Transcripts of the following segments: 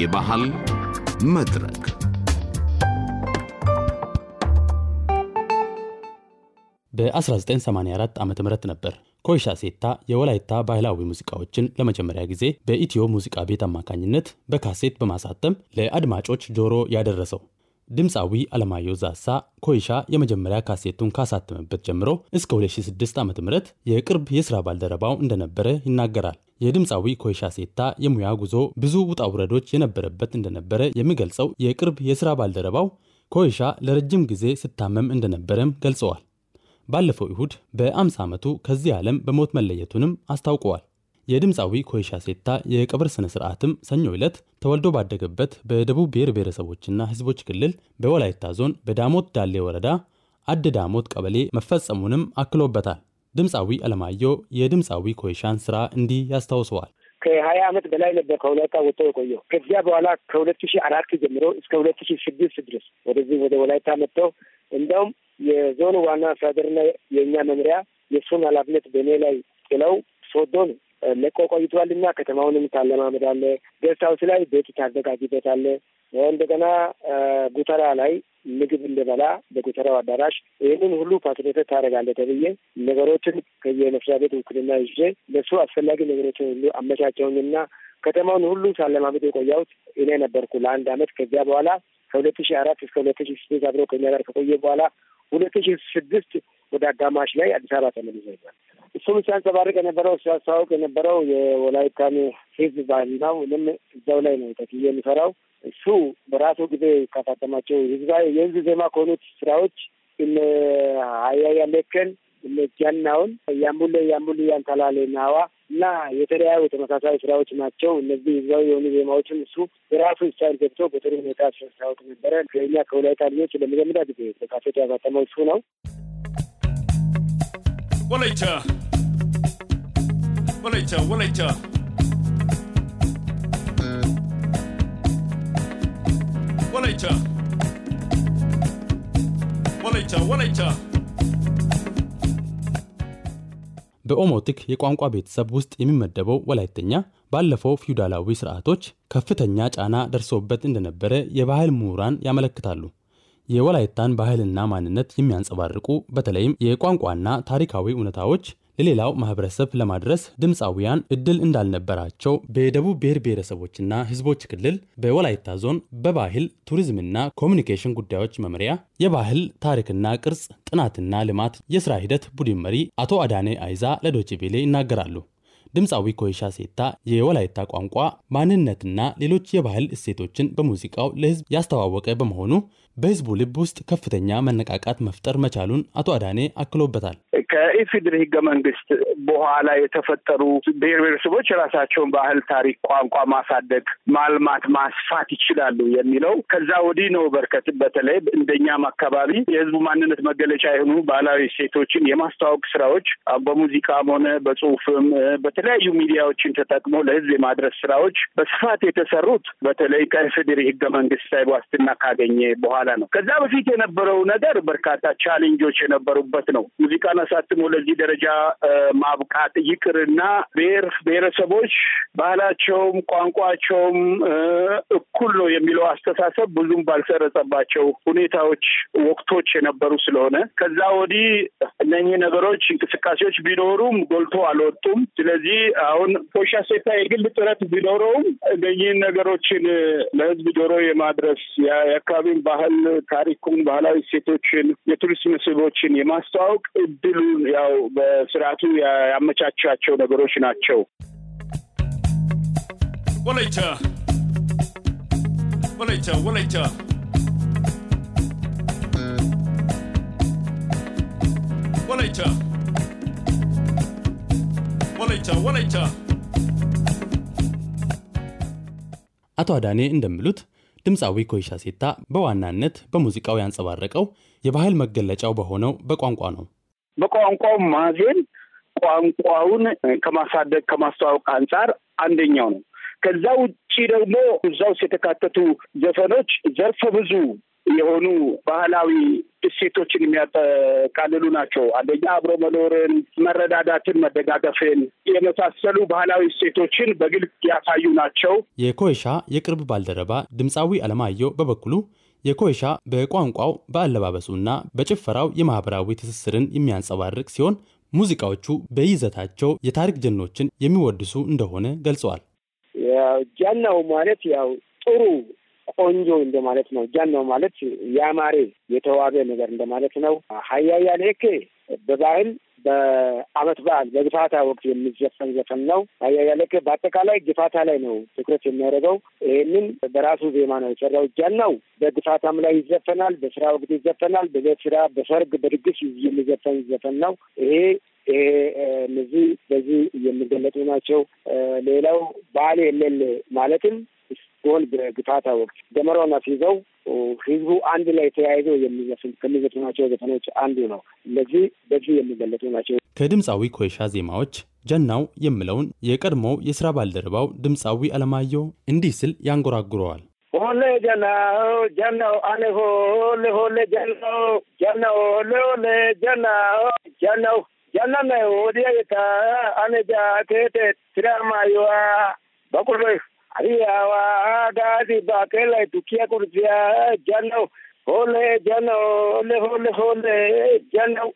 የባህል መድረክ በ1984 ዓ ም ነበር ኮይሻ ሴታ የወላይታ ባህላዊ ሙዚቃዎችን ለመጀመሪያ ጊዜ በኢትዮ ሙዚቃ ቤት አማካኝነት በካሴት በማሳተም ለአድማጮች ጆሮ ያደረሰው። ድምፃዊ አለማየሁ ዛሳ ኮይሻ የመጀመሪያ ካሴቱን ካሳተመበት ጀምሮ እስከ 2006 ዓ ም የቅርብ የሥራ ባልደረባው እንደነበረ ይናገራል። የድምፃዊ ኮይሻ ሴታ የሙያ ጉዞ ብዙ ውጣ ውረዶች የነበረበት እንደነበረ የሚገልጸው የቅርብ የስራ ባልደረባው ኮይሻ ለረጅም ጊዜ ስታመም እንደነበረም ገልጸዋል። ባለፈው እሁድ በ50 ዓመቱ ከዚህ ዓለም በሞት መለየቱንም አስታውቀዋል። የድምፃዊ ኮይሻ ሴታ የቀብር ስነ ስርዓትም ሰኞ ዕለት ተወልዶ ባደገበት በደቡብ ብሔር ብሔረሰቦችና ሕዝቦች ክልል በወላይታ ዞን በዳሞት ዳሌ ወረዳ አድ ዳሞት ቀበሌ መፈጸሙንም አክሎበታል። ድምፃዊ አለማየሁ የድምፃዊ ኮይሻን ስራ እንዲህ ያስታውሰዋል። ከሀያ ዓመት በላይ ነበር ከወላይታ ወጥቶ የቆየው። ከዚያ በኋላ ከሁለት ሺ አራት ጀምሮ እስከ ሁለት ሺ ስድስት ድረስ ወደዚህ ወደ ወላይታ መጥተው እንዲያውም የዞኑ ዋና አስተዳደርና የእኛ መምሪያ የእሱን ኃላፊነት በእኔ ላይ ጥለው ሶዶን ለቆ ቆይቷልና ከተማውንም ታለማመድ አለ። ሀውስ ላይ ቤት አለ። እንደገና ጉተራ ላይ ምግብ እንደበላ በጉተራው አዳራሽ ይህንን ሁሉ ፋሲሊቴት ታደርጋለህ ተብዬ ነገሮችን ከየመስሪያ ቤት ውክልና ይዤ ለሱ አስፈላጊ ነገሮችን ሁሉ አመቻቸውኝና ከተማውን ሁሉ ሳለማመድ የቆያሁት እኔ ነበርኩ ለአንድ አመት። ከዚያ በኋላ ከሁለት ሺ አራት እስከ ሁለት ሺ ስድስት አብሮ ከኛ ጋር ከቆየ በኋላ ሁለት ሺ ስድስት ወደ አጋማሽ ላይ አዲስ አበባ ተመልሶ ይዟል። እሱም ሲያንጸባርቅ የነበረው ሲያስተዋውቅ የነበረው የወላይታን ህዝብ ባህል ነው። እኔም እዛው ላይ ነው ተክዬ የሚሰራው እሱ በራሱ ጊዜ ካሳተማቸው ህዝባዊ የህዝብ ዜማ ከሆኑት ስራዎች እነ አያ ያለከን እነ ጃናውን ያምቡለ ያምቡል ያንታላሌ ናዋ እና የተለያዩ ተመሳሳይ ስራዎች ናቸው። እነዚህ ህዝባዊ የሆኑ ዜማዎችን እሱ በራሱ ስታይል ገብቶ በጥሩ ሁኔታ ሲያስታውቅ ነበረ። ከኛ ከወላይታ ልጆች ለመጀመሪያ ጊዜ በካሴት ያሳተመው እሱ ነው። ወለቻ ወለቻ ወለቻ ወለይታ ወለይታ ወለይታ በኦሞቲክ የቋንቋ ቤተሰብ ውስጥ የሚመደበው ወላይተኛ ባለፈው ፊውዳላዊ ስርዓቶች ከፍተኛ ጫና ደርሶበት እንደነበረ የባህል ምሁራን ያመለክታሉ። የወላይታን ባህልና ማንነት የሚያንጸባርቁ በተለይም የቋንቋና ታሪካዊ እውነታዎች ለሌላው ማህበረሰብ ለማድረስ ድምፃውያን እድል እንዳልነበራቸው በደቡብ ብሔር ብሔረሰቦችና ሕዝቦች ክልል በወላይታ ዞን በባህል ቱሪዝምና ኮሚኒኬሽን ጉዳዮች መምሪያ የባህል ታሪክና ቅርጽ ጥናትና ልማት የስራ ሂደት ቡድን መሪ አቶ አዳኔ አይዛ ለዶችቬሌ ይናገራሉ። ድምፃዊ ኮይሻ ሴታ የወላይታ ቋንቋ ማንነትና ሌሎች የባህል እሴቶችን በሙዚቃው ለሕዝብ ያስተዋወቀ በመሆኑ በህዝቡ ልብ ውስጥ ከፍተኛ መነቃቃት መፍጠር መቻሉን አቶ አዳኔ አክሎበታል። ከኢፌዴሪ ህገ መንግስት በኋላ የተፈጠሩ ብሔር ብሔረሰቦች የራሳቸውን ባህል፣ ታሪክ፣ ቋንቋ ማሳደግ፣ ማልማት፣ ማስፋት ይችላሉ የሚለው ከዛ ወዲህ ነው። በርከት በተለይ እንደኛም አካባቢ የህዝቡ ማንነት መገለጫ የሆኑ ባህላዊ ሴቶችን የማስተዋወቅ ስራዎች በሙዚቃም ሆነ በጽሁፍም በተለያዩ ሚዲያዎችን ተጠቅሞ ለህዝብ የማድረስ ስራዎች በስፋት የተሰሩት በተለይ ከኢፌዴሪ ህገ መንግስት ላይ ዋስትና ካገኘ በኋላ በኋላ ነው። ከዛ በፊት የነበረው ነገር በርካታ ቻሌንጆች የነበሩበት ነው። ሙዚቃን አሳትሞ ለዚህ ደረጃ ማብቃት ይቅርና ብሔር ብሔረሰቦች ባህላቸውም ቋንቋቸውም እኩል ነው የሚለው አስተሳሰብ ብዙም ባልሰረጸባቸው ሁኔታዎች፣ ወቅቶች የነበሩ ስለሆነ ከዛ ወዲህ እነኚህ ነገሮች እንቅስቃሴዎች ቢኖሩም ጎልቶ አልወጡም። ስለዚህ አሁን ፖሻ ሴታ የግል ጥረት ቢኖረውም እነኚህን ነገሮችን ለህዝብ ጆሮ የማድረስ የአካባቢን ባህል ባህል ታሪኩን፣ ባህላዊ እሴቶችን፣ የቱሪስት መስህቦችን የማስተዋወቅ እድሉን ያው በስርዓቱ ያመቻቻቸው ነገሮች ናቸው። ወላይታ አቶ አዳኔ እንደሚሉት ድምፃዊ ኮይሻ ሴታ በዋናነት በሙዚቃው ያንጸባረቀው የባህል መገለጫው በሆነው በቋንቋ ነው። በቋንቋው ማዜን ቋንቋውን ከማሳደግ ከማስተዋወቅ አንጻር አንደኛው ነው። ከዛ ውጭ ደግሞ እዛ ውስጥ የተካተቱ ዘፈኖች ዘርፈ ብዙ የሆኑ ባህላዊ እሴቶችን የሚያጠቃልሉ ናቸው። አንደኛ አብሮ መኖርን፣ መረዳዳትን፣ መደጋገፍን የመሳሰሉ ባህላዊ እሴቶችን በግልጽ ያሳዩ ናቸው። የኮይሻ የቅርብ ባልደረባ ድምፃዊ አለማየሁ በበኩሉ የኮይሻ በቋንቋው በአለባበሱና በጭፈራው የማህበራዊ ትስስርን የሚያንጸባርቅ ሲሆን ሙዚቃዎቹ በይዘታቸው የታሪክ ጀኖችን የሚወድሱ እንደሆነ ገልጸዋል። ጀናው ማለት ያው ጥሩ ቆንጆ እንደማለት ነው። ነው ማለት ያማሬ የተዋበ ነገር እንደማለት ነው። ሀያያሌኬ በባህል በአመት በዓል በግፋታ ወቅት የሚዘፈን ዘፈን ነው። አያያለቀ በአጠቃላይ ግፋታ ላይ ነው ትኩረት የሚያደርገው። ይህንን በራሱ ዜማ ነው የሰራው እጃን ነው። በግፋታም ላይ ይዘፈናል፣ በስራ ወቅት ይዘፈናል፣ በስራ በሰርግ፣ በድግስ የሚዘፈን ዘፈን ነው ይሄ ይሄ እነዚህ በዚህ የሚገለጡ ናቸው። ሌላው ባሌ የሌለ ማለትም ሲሆን በግፋታ ወቅት ደመራውን አስይዘው ህዝቡ አንድ ላይ ተያይዘው የሚዘፍን ከሚዘፍናቸው ዘፈኖች አንዱ ነው። እነዚህ በዚህ የሚገለጡ ናቸው። ከድምፃዊ ኮይሻ ዜማዎች ጀናው የምለውን የቀድሞው የስራ ባልደረባው ድምፃዊ አለማየሁ እንዲህ ስል ያንጎራጉረዋል። ሆሌ ጀናው ጀናው አለ ሆሌ ሆሌ ጀናው ጀናው ሆሌ ሆሌ ጀናው ጀናው ጀናና ወዲያ የታ አነ ጃኬቴ ስራ ማዩዋ በቁሎይ हरियावागाजी बाकेला दुखिया को दिया जनो होले जनो होले होले होले जनो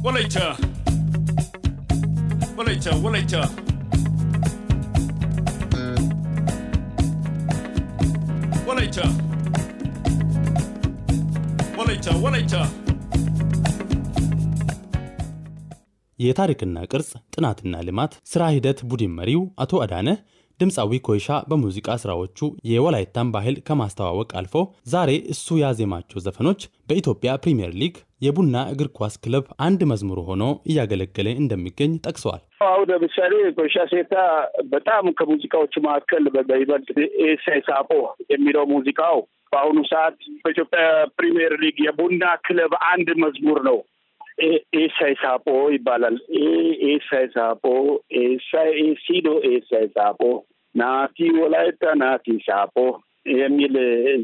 Walaita Walaita Walaita Walaita Walaita Walaita የታሪክና ቅርጽ ጥናትና ልማት ስራ ሂደት ቡድን መሪው አቶ አዳነህ ድምፃዊ ኮይሻ በሙዚቃ ስራዎቹ የወላይታን ባህል ከማስተዋወቅ አልፎ ዛሬ እሱ ያዜማቸው ዘፈኖች በኢትዮጵያ ፕሪምየር ሊግ የቡና እግር ኳስ ክለብ አንድ መዝሙር ሆኖ እያገለገለ እንደሚገኝ ጠቅሰዋል። አሁን ለምሳሌ ኮይሻ ሴታ በጣም ከሙዚቃዎች መካከል በይበልጥ ኤሴ የሚለው ሙዚቃው በአሁኑ ሰዓት በኢትዮጵያ ፕሪምየር ሊግ የቡና ክለብ አንድ መዝሙር ነው esa esapo ይባላል። ኤሳ ኤሳፖ ኤሳ ኤሲዶ ኤሳ ኤሳፖ ናቲ ወላይታ ናቲ ሳፖ የሚል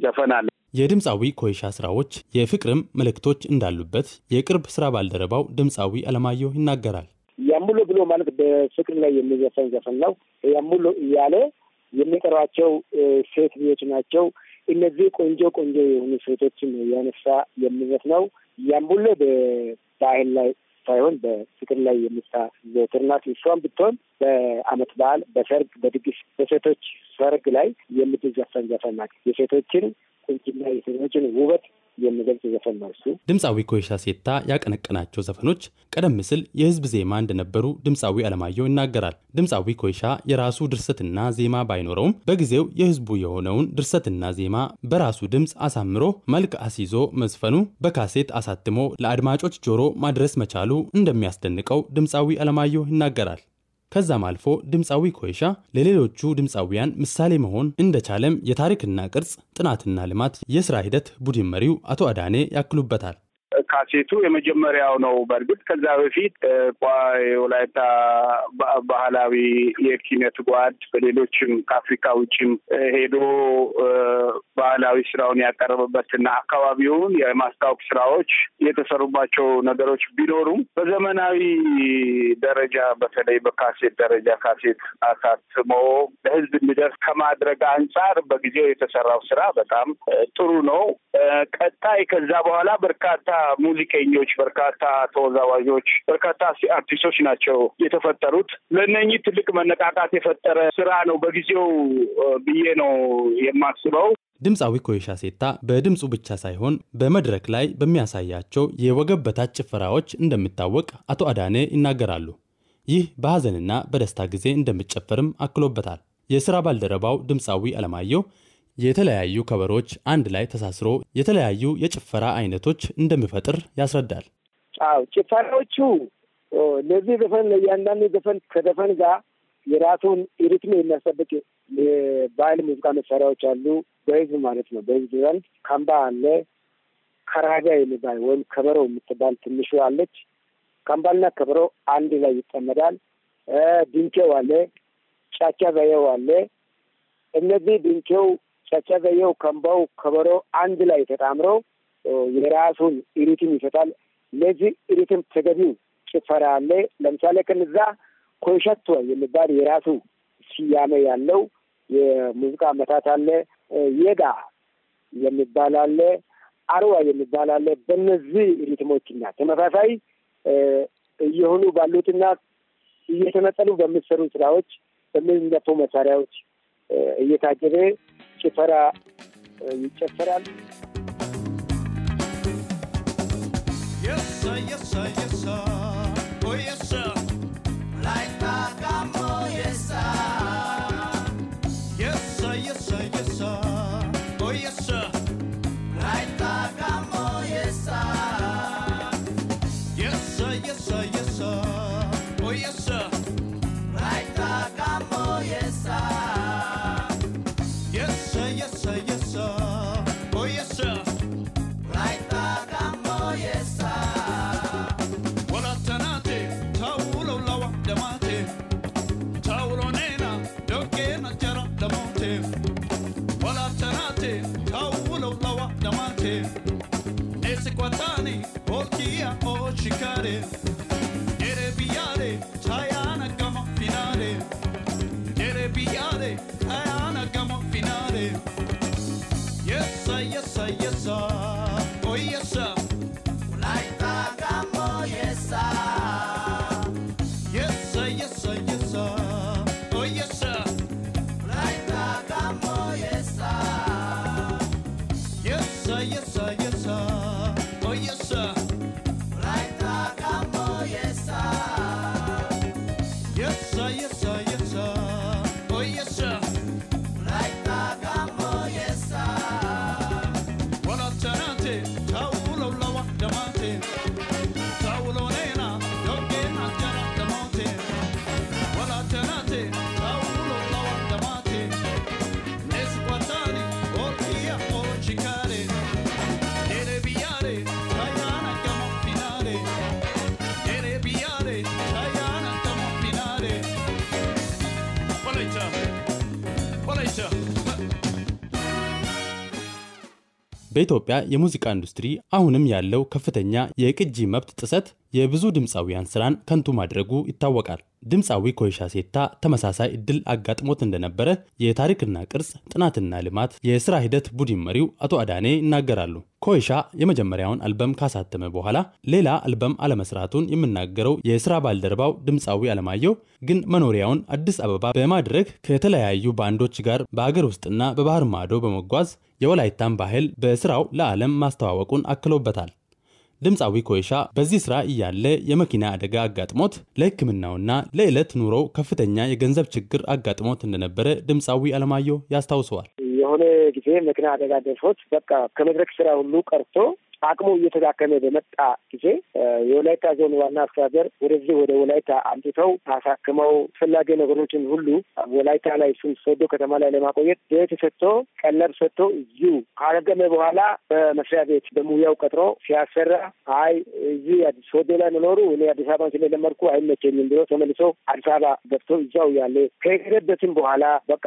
ዘፈን አለ። የድምፃዊ ኮይሻ ስራዎች የፍቅርም ምልክቶች እንዳሉበት የቅርብ ስራ ባልደረባው ድምፃዊ አለማየሁ ይናገራል። ያሙሎ ብሎ ማለት በፍቅር ላይ የሚዘፈን ዘፈን ነው። ያሙሎ እያለ የሚጠሯቸው ሴትዮች ናቸው። እነዚህ ቆንጆ ቆንጆ የሆኑ ሴቶችን ያነሳ የሚዘፍነው ያሙሎ በአይን ላይ ሳይሆን በፍቅር ላይ የምታዘወትር ናት። እሷም ብትሆን በአመት በዓል፣ በሰርግ፣ በድግስ፣ በሴቶች ሰርግ ላይ የምትዘፈን ዘፈን ናት። የሴቶችን ቁንጅና የሴቶችን ውበት የሚገልጽ ዘፈን ነው እሱ። ድምፃዊ ኮይሻ ሴታ ያቀነቀናቸው ዘፈኖች ቀደም ሲል የህዝብ ዜማ እንደነበሩ ድምፃዊ አለማየሁ ይናገራል። ድምፃዊ ኮይሻ የራሱ ድርሰትና ዜማ ባይኖረውም በጊዜው የህዝቡ የሆነውን ድርሰትና ዜማ በራሱ ድምፅ አሳምሮ መልክ አስይዞ መዝፈኑ በካሴት አሳትሞ ለአድማጮች ጆሮ ማድረስ መቻሉ እንደሚያስደንቀው ድምፃዊ አለማየሁ ይናገራል። ከዛም አልፎ ድምፃዊ ኮይሻ ለሌሎቹ ድምፃዊያን ምሳሌ መሆን እንደቻለም የታሪክና ቅርጽ ጥናትና ልማት የስራ ሂደት ቡድን መሪው አቶ አዳኔ ያክሉበታል። ካሴቱ የመጀመሪያው ነው። በእርግጥ ከዛ በፊት ወላይታ ባህላዊ የኪነት ጓድ በሌሎችም ከአፍሪካ ውጭም ሄዶ ባህላዊ ስራውን ያቀረበበትና አካባቢውን የማስታወቅ ስራዎች የተሰሩባቸው ነገሮች ቢኖሩም በዘመናዊ ደረጃ በተለይ በካሴት ደረጃ ካሴት አሳትሞ ለህዝብ እንዲደርስ ከማድረግ አንጻር በጊዜው የተሰራው ስራ በጣም ጥሩ ነው። ቀጣይ ከዛ በኋላ በርካታ ሙዚቀኞች፣ በርካታ ተወዛዋዦች፣ በርካታ አርቲስቶች ናቸው የተፈጠሩት። ለእነኚህ ትልቅ መነቃቃት የፈጠረ ስራ ነው በጊዜው ብዬ ነው የማስበው። ድምፃዊ ኮይሻ ሴታ በድምፁ ብቻ ሳይሆን በመድረክ ላይ በሚያሳያቸው የወገብ በታች ጭፈራዎች እንደሚታወቅ አቶ አዳኔ ይናገራሉ። ይህ በሐዘንና በደስታ ጊዜ እንደሚጨፈርም አክሎበታል። የሥራ ባልደረባው ድምፃዊ አለማየሁ የተለያዩ ከበሮች አንድ ላይ ተሳስሮ የተለያዩ የጭፈራ አይነቶች እንደሚፈጥር ያስረዳል። አዎ ጭፈራዎቹ ለዚህ ዘፈን ለእያንዳንዱ ዘፈን ከዘፈን ጋር የራሱን ሪትም የሚያስጠብቅ የባህል ሙዚቃ መሳሪያዎች አሉ። በህዝብ ማለት ነው። በህዝብ ዘንድ ካምባ አለ፣ ከራጋ የሚባል ወይም ከበሮ የምትባል ትንሹ አለች። ካምባልና ከበሮ አንድ ላይ ይጠመዳል። ድንኬው አለ፣ ጫቻ ዛየው አለ። እነዚህ ድንኬው ጨብጨ ዘየው፣ ከበሮ አንድ ላይ ተጣምሮ የራሱን ሪትም ይሰጣል። ለዚህ ሪትም ተገቢው ጭፈራ አለ። ለምሳሌ ከነዛ ኮይሸቶ የሚባል የራሱ ስያሜ ያለው የሙዚቃ መታት አለ። የጋ የሚባል አለ። አርዋ የሚባል አለ። በእነዚህ ሪትሞችና ተመሳሳይ እየሆኑ ባሉትና እየተነጠሉ በሚሰሩ ስራዎች በሚነፉ መሳሪያዎች እየታጀበ ጭፈራ ይጨፈራል። Yes, sir, yes, sir, yes, sir. Oh, yes, sir. Paris. በኢትዮጵያ የሙዚቃ ኢንዱስትሪ አሁንም ያለው ከፍተኛ የቅጂ መብት ጥሰት የብዙ ድምፃዊያን ስራን ከንቱ ማድረጉ ይታወቃል። ድምፃዊ ኮይሻ ሴታ ተመሳሳይ እድል አጋጥሞት እንደነበረ የታሪክና ቅርስ ጥናትና ልማት የስራ ሂደት ቡድን መሪው አቶ አዳኔ ይናገራሉ። ኮይሻ የመጀመሪያውን አልበም ካሳተመ በኋላ ሌላ አልበም አለመስራቱን የምናገረው የስራ ባልደረባው ድምፃዊ አለማየሁ ግን መኖሪያውን አዲስ አበባ በማድረግ ከተለያዩ ባንዶች ጋር በአገር ውስጥና በባህር ማዶ በመጓዝ የወላይታን ባህል በስራው ለዓለም ማስተዋወቁን አክሎበታል። ድምፃዊ ኮይሻ በዚህ ስራ እያለ የመኪና አደጋ አጋጥሞት ለሕክምናውና ለዕለት ኑሮው ከፍተኛ የገንዘብ ችግር አጋጥሞት እንደነበረ ድምፃዊ አለማየሁ ያስታውሰዋል። የሆነ ጊዜ መኪና አደጋ ደርሶት በቃ ከመድረክ ስራ ሁሉ ቀርቶ አቅሙ እየተዳከመ በመጣ ጊዜ የወላይታ ዞን ዋና አስተዳደር ወደዚህ ወደ ወላይታ አምጥተው አሳክመው አስፈላጊ ነገሮችን ሁሉ ወላይታ ላይ እሱን ሶዶ ከተማ ላይ ለማቆየት ቤት ሰጥቶ ቀለብ ሰጥቶ እዚሁ ካረገመ በኋላ በመስሪያ ቤት በሙያው ቀጥሮ ሲያሰራ አይ እዚህ ሶዶ ላይ መኖሩ እኔ አዲስ አበባን ስለለመድኩ አይመቸኝም ብሎ ተመልሶ አዲስ አበባ ገብቶ እዛው ያለ ከሄደበትም በኋላ በቃ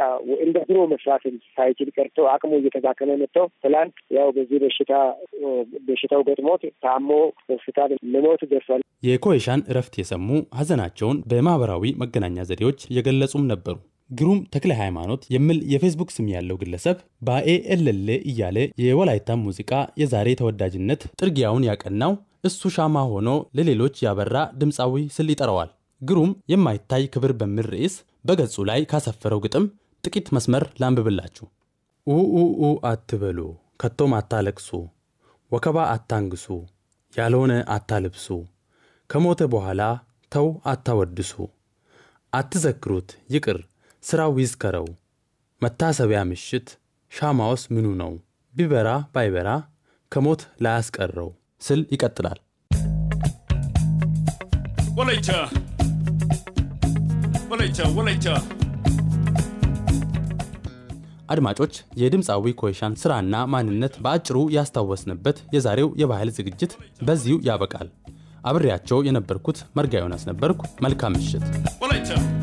እንደ ድሮ መስራትን ሳይችል ቀርቶ አቅሙ እየተዳከመ መጥተው ትላንት ያው በዚህ በሽታ በሽታው ገጥሞት ታሞ ሆስፒታል ልሞት ደርሷል። የኮይሻን እረፍት የሰሙ ሀዘናቸውን በማህበራዊ መገናኛ ዘዴዎች የገለጹም ነበሩ። ግሩም ተክለ ሃይማኖት የሚል የፌስቡክ ስም ያለው ግለሰብ ባኤኤልሌ እያለ የወላይታ ሙዚቃ የዛሬ ተወዳጅነት ጥርጊያውን ያቀናው እሱ ሻማ ሆኖ ለሌሎች ያበራ ድምፃዊ ስል ይጠራዋል። ግሩም የማይታይ ክብር በሚል ርዕስ በገጹ ላይ ካሰፈረው ግጥም ጥቂት መስመር ላንብብላችሁ። ኡኡኡ አትበሉ ከቶም አታለቅሱ ወከባ አታንግሱ ያልሆነ አታልብሱ፣ ከሞተ በኋላ ተው አታወድሱ። አትዘክሩት፣ ይቅር ሥራው ይዝከረው። መታሰቢያ ምሽት ሻማውስ ምኑ ነው? ቢበራ ባይበራ ከሞት ላያስቀረው ስል ይቀጥላል። ወለይታ ወለይታ ወለይታ አድማጮች የድምፃዊ ኮይሻን ስራና ማንነት በአጭሩ ያስታወስንበት የዛሬው የባህል ዝግጅት በዚሁ ያበቃል። አብሬያቸው የነበርኩት መርጋ ዮናስ ነበርኩ። መልካም ምሽት።